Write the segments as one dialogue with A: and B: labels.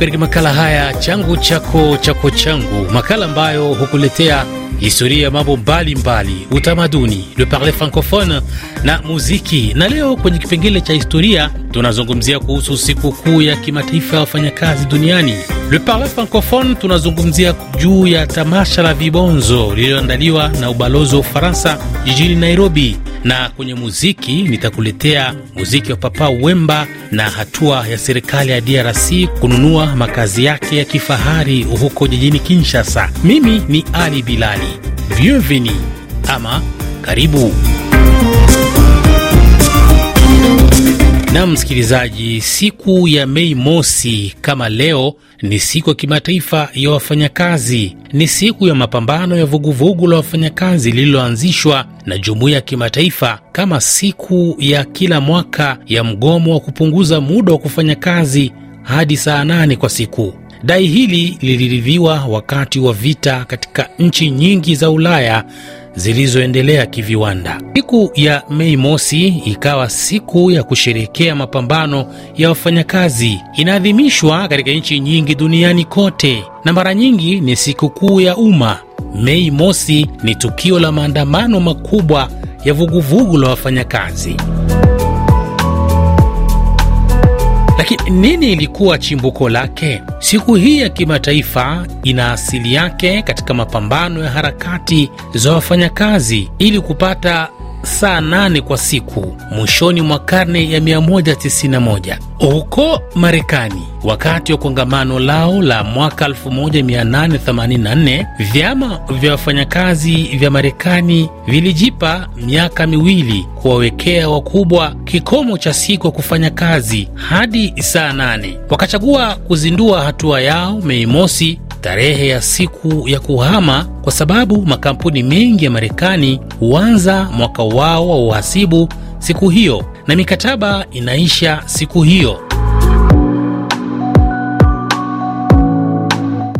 A: katika makala haya changu chako chako changu, makala ambayo hukuletea historia ya mambo mbalimbali, utamaduni, le parler francophone na muziki. Na leo kwenye kipengele cha historia tunazungumzia kuhusu sikukuu ya kimataifa ya wafanyakazi duniani. Le Parla Francophone tunazungumzia juu ya tamasha la vibonzo lililoandaliwa na ubalozi wa Ufaransa jijini Nairobi, na kwenye muziki nitakuletea muziki wa Papa Wemba na hatua ya serikali ya DRC kununua makazi yake ya kifahari huko jijini Kinshasa. Mimi ni Ali Bilali. Bienvenue ama karibu. Na msikilizaji, siku ya Mei Mosi kama leo ni siku ya kimataifa ya wafanyakazi. Ni siku ya mapambano ya vuguvugu la wafanyakazi lililoanzishwa na jumuiya ya kimataifa kama siku ya kila mwaka ya mgomo wa kupunguza muda wa kufanya kazi hadi saa nane kwa siku. Dai hili liliridhiwa wakati wa vita katika nchi nyingi za Ulaya zilizoendelea kiviwanda. Siku ya Mei Mosi ikawa siku ya kusherekea mapambano ya wafanyakazi. Inaadhimishwa katika nchi nyingi duniani kote, na mara nyingi ni siku kuu ya umma. Mei Mosi ni tukio la maandamano makubwa ya vuguvugu la wafanyakazi. Lakini nini ilikuwa chimbuko lake? Siku hii ya kimataifa ina asili yake katika mapambano ya harakati za wafanyakazi ili kupata saa nane kwa siku mwishoni mwa karne ya 191 huko Marekani. Wakati wa kongamano lao la mwaka 1884, vyama vya wafanyakazi vya Marekani vilijipa miaka miwili kuwawekea wakubwa kikomo cha siku ya kufanya kazi hadi saa nane. Wakachagua kuzindua hatua yao Mei Mosi tarehe ya siku ya kuhama, kwa sababu makampuni mengi ya Marekani huanza mwaka wao wa uhasibu siku hiyo na mikataba inaisha siku hiyo.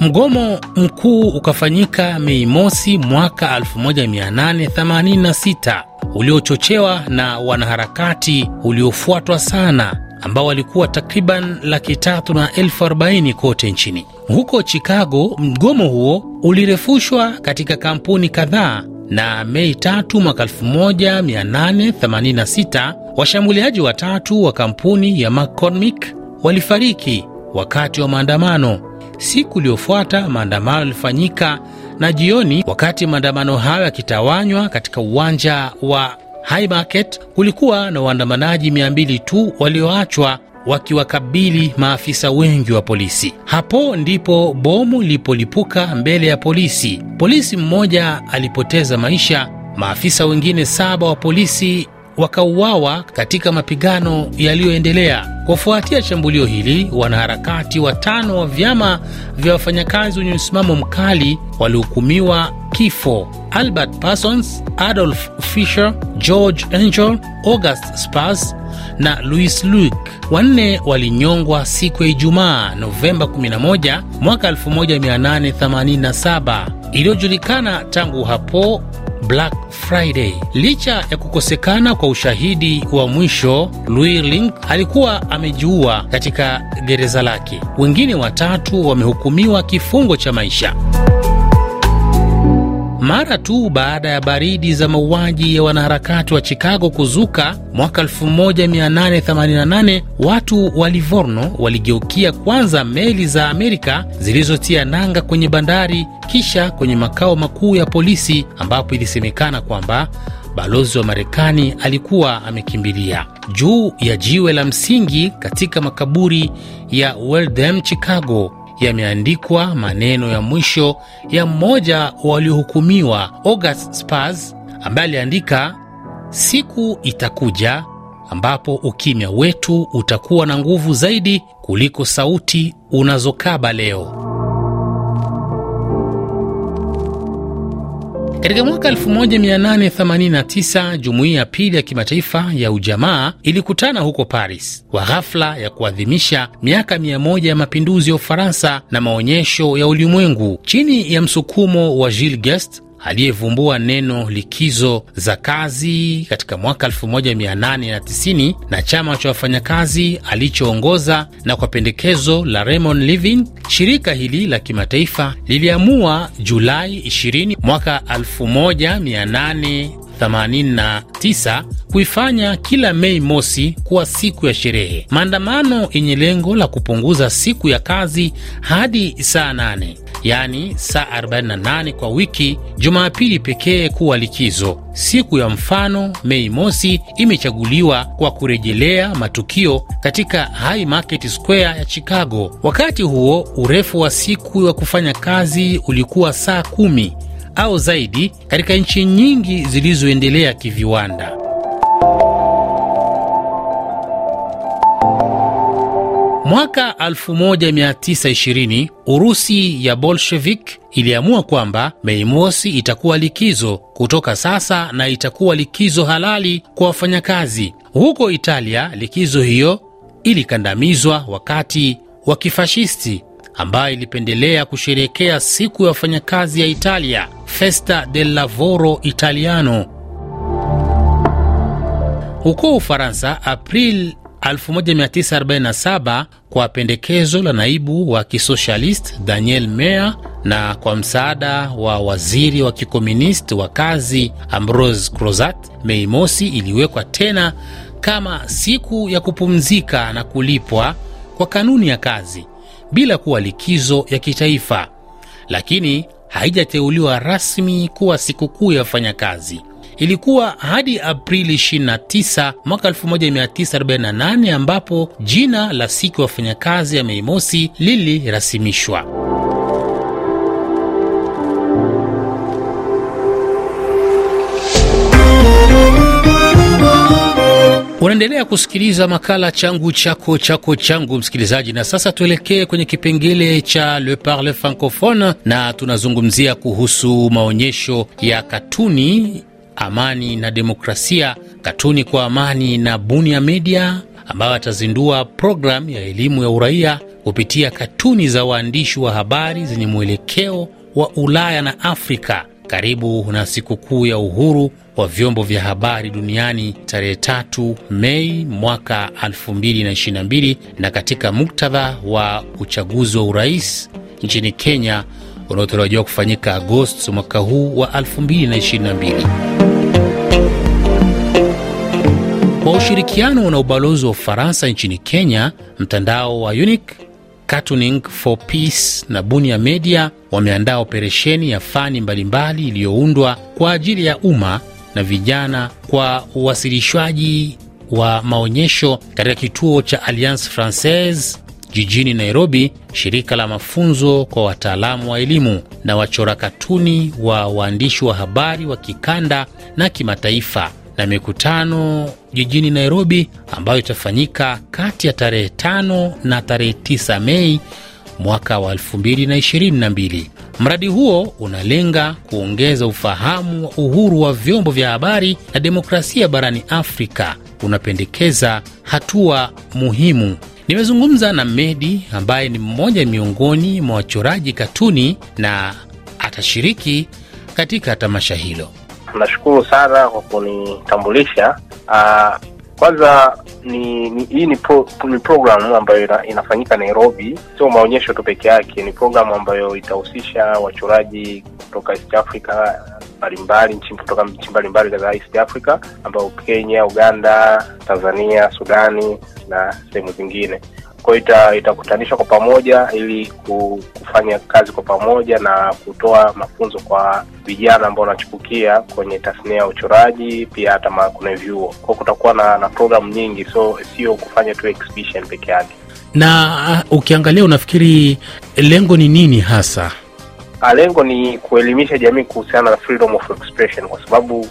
A: Mgomo mkuu ukafanyika Mei Mosi mwaka 1886 uliochochewa na wanaharakati uliofuatwa sana ambao walikuwa takriban laki tatu na elfu arobaini kote nchini. Huko Chicago, mgomo huo ulirefushwa katika kampuni kadhaa na Mei 3 mwaka 1886 washambuliaji watatu wa kampuni ya McCormick walifariki wakati wa maandamano. Siku iliyofuata maandamano yalifanyika na jioni, wakati maandamano hayo yakitawanywa katika uwanja wa Haymarket kulikuwa na waandamanaji 200 tu walioachwa wakiwakabili maafisa wengi wa polisi. Hapo ndipo bomu lilipolipuka mbele ya polisi. Polisi mmoja alipoteza maisha, maafisa wengine saba wa polisi wakauawa katika mapigano yaliyoendelea. Kufuatia shambulio hili, wanaharakati watano wa vyama vya wafanyakazi wenye msimamo mkali walihukumiwa kifo: Albert Parsons, Adolf Fisher, George Angel, August spars na Louis Luke. Wanne walinyongwa siku ya Ijumaa, Novemba 11 mwaka 1887 iliyojulikana tangu hapo Black Friday. Licha ya kukosekana kwa ushahidi wa mwisho, Louis Link alikuwa amejiua katika gereza lake. Wengine watatu wamehukumiwa kifungo cha maisha mara tu baada ya baridi za mauaji ya wanaharakati wa Chicago kuzuka mwaka 1888, watu wa Livorno waligeukia kwanza meli za Amerika zilizotia nanga kwenye bandari, kisha kwenye makao makuu ya polisi ambapo ilisemekana kwamba balozi wa Marekani alikuwa amekimbilia. Juu ya jiwe la msingi katika makaburi ya Weldem Chicago yameandikwa maneno ya mwisho ya mmoja waliohukumiwa August Spars, ambaye aliandika, siku itakuja ambapo ukimya wetu utakuwa na nguvu zaidi kuliko sauti unazokaba leo. Katika mwaka 1889 jumuiya ya pili ya kimataifa ya ujamaa ilikutana huko Paris kwa ghafla ya kuadhimisha miaka 1 ya mapinduzi ya Ufaransa na maonyesho ya ulimwengu chini ya msukumo wa Gilles Guest aliyevumbua neno likizo za kazi katika mwaka 1890 na chama cha wafanyakazi alichoongoza, na kwa pendekezo la Raymond living shirika hili la kimataifa liliamua Julai 20 mwaka 89 kuifanya kila Mei Mosi kuwa siku ya sherehe, maandamano yenye lengo la kupunguza siku ya kazi hadi saa 8 yaani saa 48 kwa wiki, Jumapili pekee kuwa likizo. Siku ya mfano Mei Mosi imechaguliwa kwa kurejelea matukio katika High Market Square ya Chicago. Wakati huo urefu wa siku ya kufanya kazi ulikuwa saa kumi au zaidi katika nchi nyingi zilizoendelea kiviwanda. Mwaka 1920 Urusi ya Bolshevik iliamua kwamba Mei Mosi itakuwa likizo kutoka sasa na itakuwa likizo halali kwa wafanyakazi. Huko Italia, likizo hiyo ilikandamizwa wakati wa kifashisti ambayo ilipendelea kusherekea siku ya wafanyakazi ya Italia. Festa del Lavoro Italiano huko Ufaransa April 1947 kwa pendekezo la naibu wa kisoshalisti Daniel Meyer na kwa msaada wa waziri wa kikomunist wa kazi ambrose Crozat, Mei Mosi iliwekwa tena kama siku ya kupumzika na kulipwa kwa kanuni ya kazi bila kuwa likizo ya kitaifa, lakini haijateuliwa rasmi kuwa sikukuu ya wafanyakazi. Ilikuwa hadi Aprili 29 mwaka 1948 ambapo jina la siku ya wafanyakazi ya Mei Mosi lilirasimishwa. Unaendelea kusikiliza makala changu chako chako changu, msikilizaji, na sasa tuelekee kwenye kipengele cha Le Parle Francophone, na tunazungumzia kuhusu maonyesho ya katuni Amani na Demokrasia, katuni kwa amani na Bunia Media, ambayo atazindua programu ya elimu ya uraia kupitia katuni za waandishi wa habari zenye mwelekeo wa Ulaya na Afrika karibu na sikukuu ya uhuru wa vyombo vya habari duniani tarehe 3 Mei mwaka 2022 na katika muktadha wa uchaguzi wa urais nchini Kenya unaotarajiwa kufanyika Agosti mwaka huu wa 2022. Kwa ushirikiano na ubalozi wa Ufaransa nchini Kenya, mtandao wa Unique Cartooning for Peace na Bunia Media wameandaa operesheni ya fani mbalimbali iliyoundwa kwa ajili ya umma na vijana kwa uwasilishwaji wa maonyesho katika kituo cha Alliance Francaise jijini Nairobi, shirika la mafunzo kwa wataalamu wa elimu na wachora katuni wa waandishi wa habari wa kikanda na kimataifa na mikutano jijini Nairobi ambayo itafanyika kati ya tarehe 5 na tarehe 9 Mei mwaka wa 2022. Mradi huo unalenga kuongeza ufahamu wa uhuru wa vyombo vya habari na demokrasia barani Afrika. Unapendekeza hatua muhimu. Nimezungumza na Medi ambaye ni mmoja miongoni mwa wachoraji katuni na atashiriki katika tamasha hilo.
B: Nashukuru sana kwa kunitambulisha. Uh, kwanza ni, ni hii ni, pro, ni programu ambayo ina, inafanyika Nairobi. Sio maonyesho tu peke yake, ni programu ambayo itahusisha wachoraji kutoka East Africa mbalimbali nchi kutoka nchi mbalimbali za East Africa ambao Kenya, Uganda, Tanzania, Sudani na sehemu zingine kwao ita, itakutanishwa kwa pamoja ili kufanya kazi kwa pamoja na kutoa mafunzo kwa vijana ambao wanachipukia kwenye tasnia ya uchoraji, pia hata kuna vyuo kwao. Kutakuwa na, na programu nyingi, so sio kufanya tu exhibition peke yake.
A: Na uh, ukiangalia, unafikiri lengo ni nini hasa?
B: Ah, lengo ni kuelimisha jamii kuhusiana na freedom of expression, kwa sababu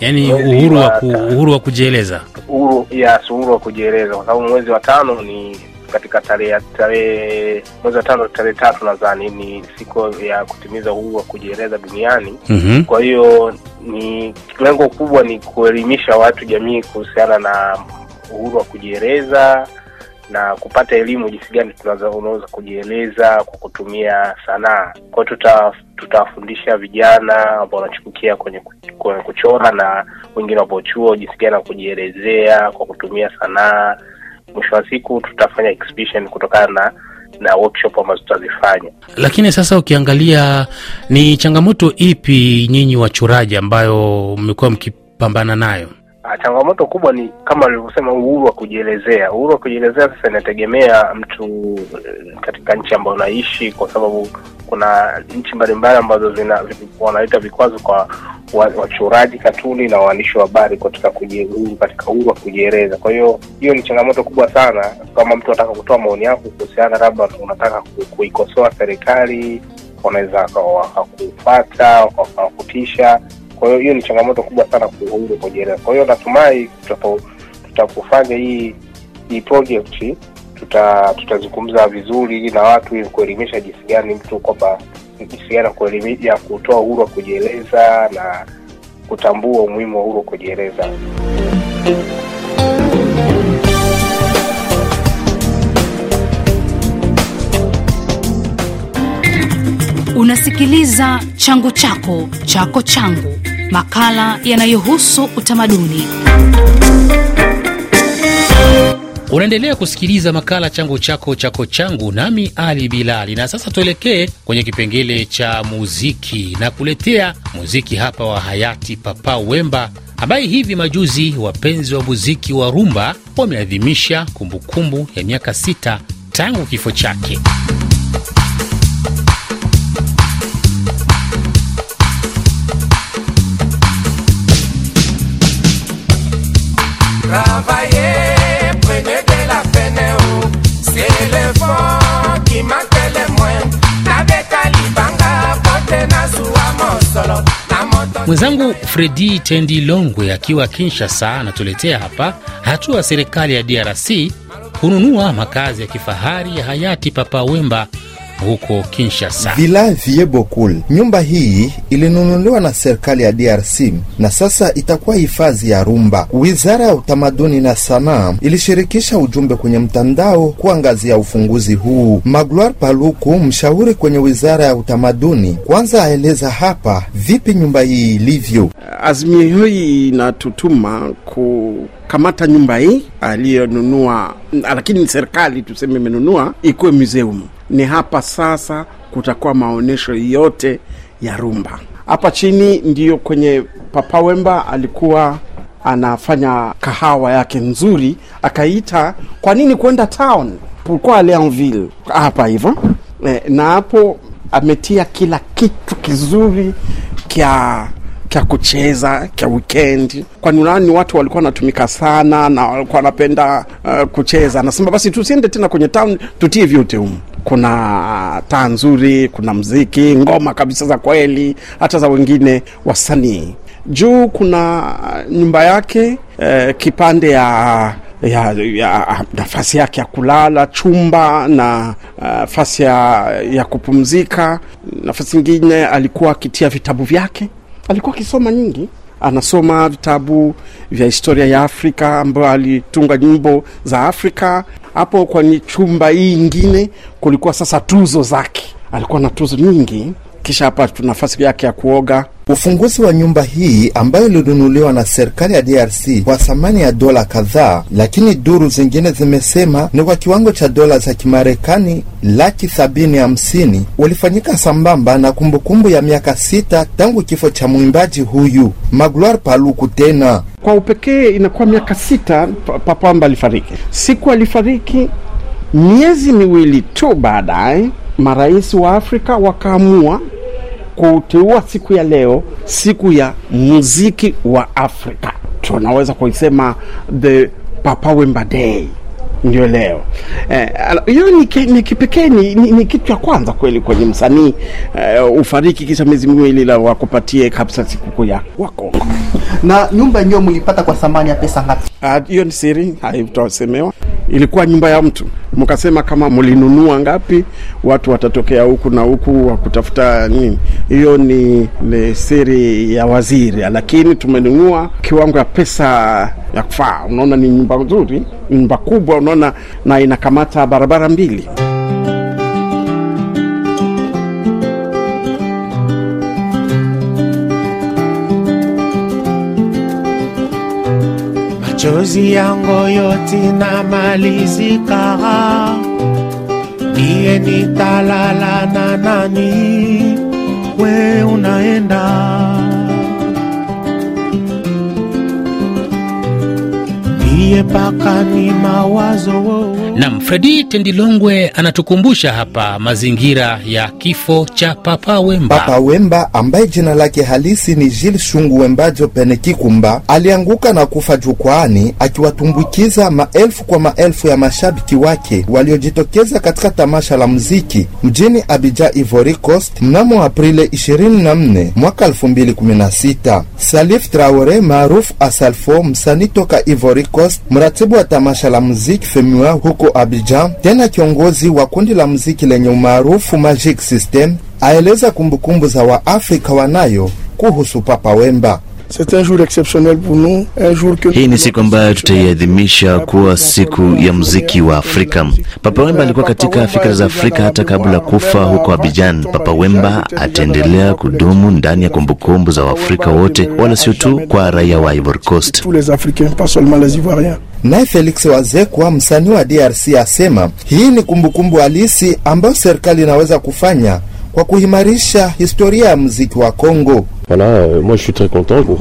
A: yani uhuru wa, ku, uhuru wa kujieleza
B: uhuru, yes, uhuru wa kujieleza kwa sababu mwezi wa tano ni katika tarehe tarehe mwezi wa tano tarehe tatu nadhani ni siku ya kutimiza uhuru wa kujieleza duniani mm-hmm. kwa hiyo ni lengo kubwa ni kuelimisha watu jamii kuhusiana na uhuru wa kujieleza na kupata elimu jinsi gani unaweza kujieleza kwa kutumia sanaa. kwao tuta, tutawafundisha vijana ambao wanachukukia kwenye, kwenye kuchora na wengine wapochuo jinsi gani wa kujielezea kwa kutumia sanaa. Mwisho wa siku tutafanya exhibition kutokana na na workshop ambazo tutazifanya.
A: Lakini sasa ukiangalia, ni changamoto ipi nyinyi wachoraji ambayo mmekuwa mkipambana nayo?
B: Ah, changamoto kubwa ni kama alivyosema uhuru wa kujielezea. Uhuru wa kujielezea sasa inategemea mtu eh, katika nchi ambayo unaishi, kwa sababu kuna nchi mbalimbali ambazo zina wanaleta vikwazo kwa wachoraji katuni na waandishi wa habari katika kujiuru katika uhuru wa kujieleza. Kwa hiyo hiyo ni changamoto kubwa sana, kama mtu anataka kutoa maoni yako kuhusiana, labda unataka kuikosoa serikali, wanaweza wakakufata wakakutisha kwa hiyo hiyo ni changamoto kubwa sana kwenye Kojelewa. Kwa hiyo natumai tutapofanya hii hii project tuta tutazungumza vizuri na watu ili kuelimisha jinsi gani mtu kwamba jinsi gani kuelimisha kutoa uhuru wa kujieleza na kutambua umuhimu wa uhuru wa kujieleza.
A: Unasikiliza Changu Chako Chako Changu, makala yanayohusu utamaduni. Unaendelea kusikiliza makala changu chako chako changu, nami Ali Bilali. Na sasa tuelekee kwenye kipengele cha muziki na kuletea muziki hapa wa hayati Papa Wemba ambaye hivi majuzi wapenzi wa muziki wa rumba wameadhimisha kumbukumbu ya miaka sita tangu kifo chake. Mwenzangu Fredi Tendi Longwe akiwa Kinshasa anatuletea hapa hatua ya serikali ya DRC kununua makazi ya kifahari ya hayati Papa Wemba huko Kinshasa.
C: Vila Viebokul, Nyumba hii ilinunuliwa na serikali ya DRC na sasa itakuwa hifadhi ya Rumba. Wizara ya Utamaduni na Sanaa ilishirikisha ujumbe kwenye mtandao kuangazia ufunguzi huu. Magloire Paluku, mshauri kwenye wizara ya utamaduni, kwanza aeleza hapa vipi nyumba hii
D: ilivyo. Azimio hii inatutuma kukamata nyumba hii aliyonunua, lakini serikali tuseme imenunua ikuwe museum ni hapa sasa kutakuwa maonyesho yote ya rumba hapa chini. Ndiyo kwenye Papa Wemba alikuwa anafanya kahawa yake nzuri, akaita kwa nini kwenda town, pourquoi hapa hivyo e, na hapo ametia kila kitu kizuri kya kya kucheza kya wikendi kwani unaona ni watu walikuwa wanatumika sana na walikuwa wanapenda uh, kucheza. Nasema basi tusiende tena kwenye town, tutie vyote humu kuna ah, taa nzuri, kuna mziki, ngoma kabisa za kweli, hata za wengine wasanii. Juu kuna ah, nyumba yake eh, kipande ya ya, ya nafasi yake ya kulala chumba na ah, nafasi uh, ya, ya kupumzika. Nafasi ingine alikuwa akitia vitabu vyake, alikuwa akisoma nyingi, anasoma vitabu vya historia ya Afrika ambayo alitunga nyimbo za Afrika, hapo kwenye chumba hii ingine kulikuwa sasa tuzo zake, alikuwa na tuzo nyingi. Kisha hapa tuna nafasi yake ya kuoga. Ufunguzi wa nyumba hii ambayo ilinunuliwa
C: na serikali ya DRC kwa thamani ya dola kadhaa, lakini duru zingine zimesema ni kwa kiwango cha dola za Kimarekani laki sabini hamsini, ulifanyika sambamba na kumbukumbu ya miaka sita tangu kifo cha mwimbaji huyu Magloire Paluku.
D: Tena kwa upekee inakuwa miaka sita amba alifariki. Siku alifariki, miezi miwili tu baadaye, marais wa Afrika wakaamua kuteua siku ya leo, siku ya muziki wa Afrika, tunaweza kuisema the Papa Wemba Day ndio leo eh, hiyo eh, ni kipekee, ni, ni, ni kitu cha kwanza kweli kwenye msanii eh, ufariki kisha miezi miwili la wakupatie kabisa sikukuu ya wako. Na nyumba yenyewe mlipata kwa thamani ya pesa ngapi? Ah, hiyo ni siri, haitosemewa ilikuwa nyumba ya mtu, mkasema kama mlinunua ngapi, watu watatokea huku na huku wa kutafuta nini. Hiyo ni, ni siri ya waziri, lakini tumenunua kiwango ya pesa ya kufaa. Unaona, ni nyumba nzuri, nyumba kubwa, unaona, na inakamata barabara mbili.
A: machozi yangu yote na malizika, niye nitalala na nani? We unaenda Nitie paka ni mawazo. Nam Fredi Tendilongwe anatukumbusha hapa mazingira ya kifo cha Papa Wemba. Papa
C: Wemba ambaye jina lake halisi ni Jil Shungu Wembajo kikumba alianguka na kufa jukwaani, akiwatumbukiza maelfu kwa maelfu ya mashabiki wake waliojitokeza katika tamasha la muziki mjini abija Ivory Coast mnamo Aprili 24 mwaka 2016. Salif Traore maarufu Asalfo, msanii toka Ivory Coast Francis, mratibu wa tamasha la muziki Femua huko Abidjan, tena kiongozi wa kundi la muziki lenye umaarufu Magic System, aeleza kumbukumbu za Waafrika wanayo kuhusu Papa Wemba. Hii ni siku ambayo tutaiadhimisha kuwa siku ya muziki wa Afrika. Papa Wemba alikuwa katika fikra za Afrika hata kabla kufa huko Abidjan. Papa Wemba ataendelea kudumu ndani ya kumbukumbu za Waafrika wote, wala sio tu kwa raia wa Ivory Coast. Naye Felix Wazekwa, msanii wa DRC, asema hii ni kumbukumbu halisi ambayo serikali inaweza kufanya kwa kuimarisha historia ya muziki wa Kongo. Euh,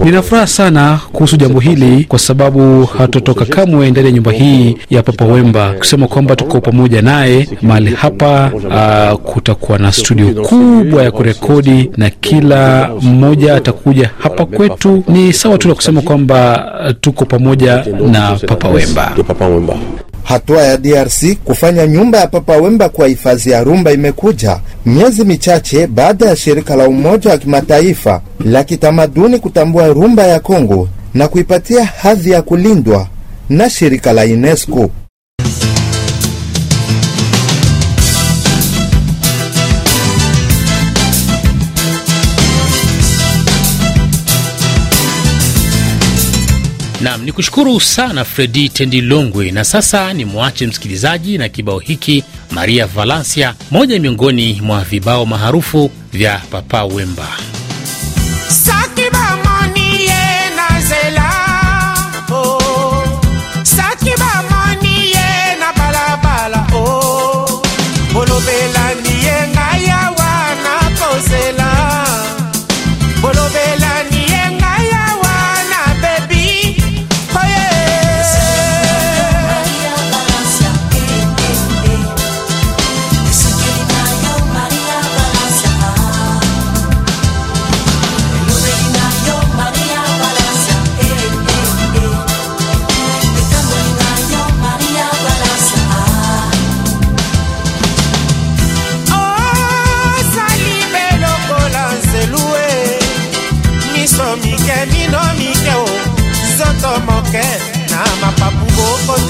A: Nina furaha sana kuhusu jambo hili kwa sababu hatutoka kamwe ndani ya nyumba hii ya Papa Wemba, kusema kwamba ah, tuko pamoja naye mahali hapa. Uh, kutakuwa na studio kubwa ya kurekodi na kila mmoja atakuja hapa kwetu. Ni sawa tu na kusema kwamba tuko pamoja na Papa Wemba. Hatua ya DRC
C: kufanya nyumba ya Papa Wemba kwa hifadhi ya Rumba imekuja miezi michache baada ya shirika la Umoja wa Kimataifa la kitamaduni kutambua Rumba ya Kongo na kuipatia hadhi ya kulindwa na shirika la UNESCO.
A: Nam ni kushukuru sana Fredi Tendilongwe, na sasa ni mwache msikilizaji na kibao hiki Maria Valencia, moja miongoni mwa vibao maarufu vya Papa Wemba.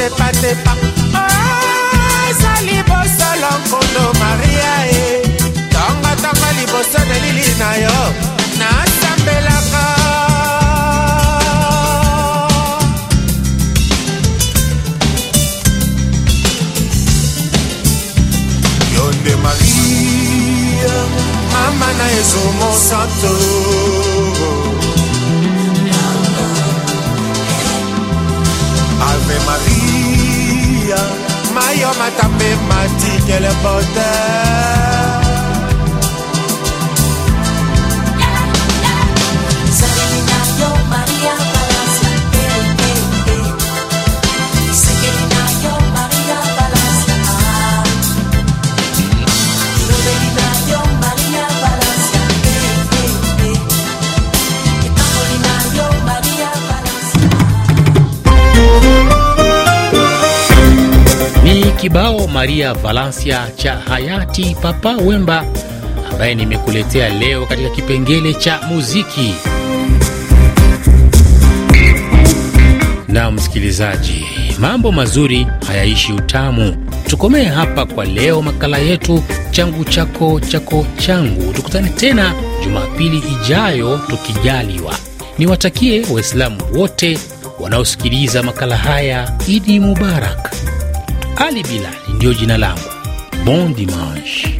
A: tepa tepa.
C: yo mathematique et le bonheur
A: kibao Maria Valencia cha hayati Papa Wemba ambaye nimekuletea leo katika kipengele cha muziki. Na msikilizaji, mambo mazuri hayaishi utamu. Tukomee hapa kwa leo makala yetu changu chako chako changu. Tukutane tena Jumapili ijayo tukijaliwa. Niwatakie Waislamu wote wanaosikiliza makala haya Idi Mubarak. Ali Bilali ndiyo jina langu. Bon dimanche.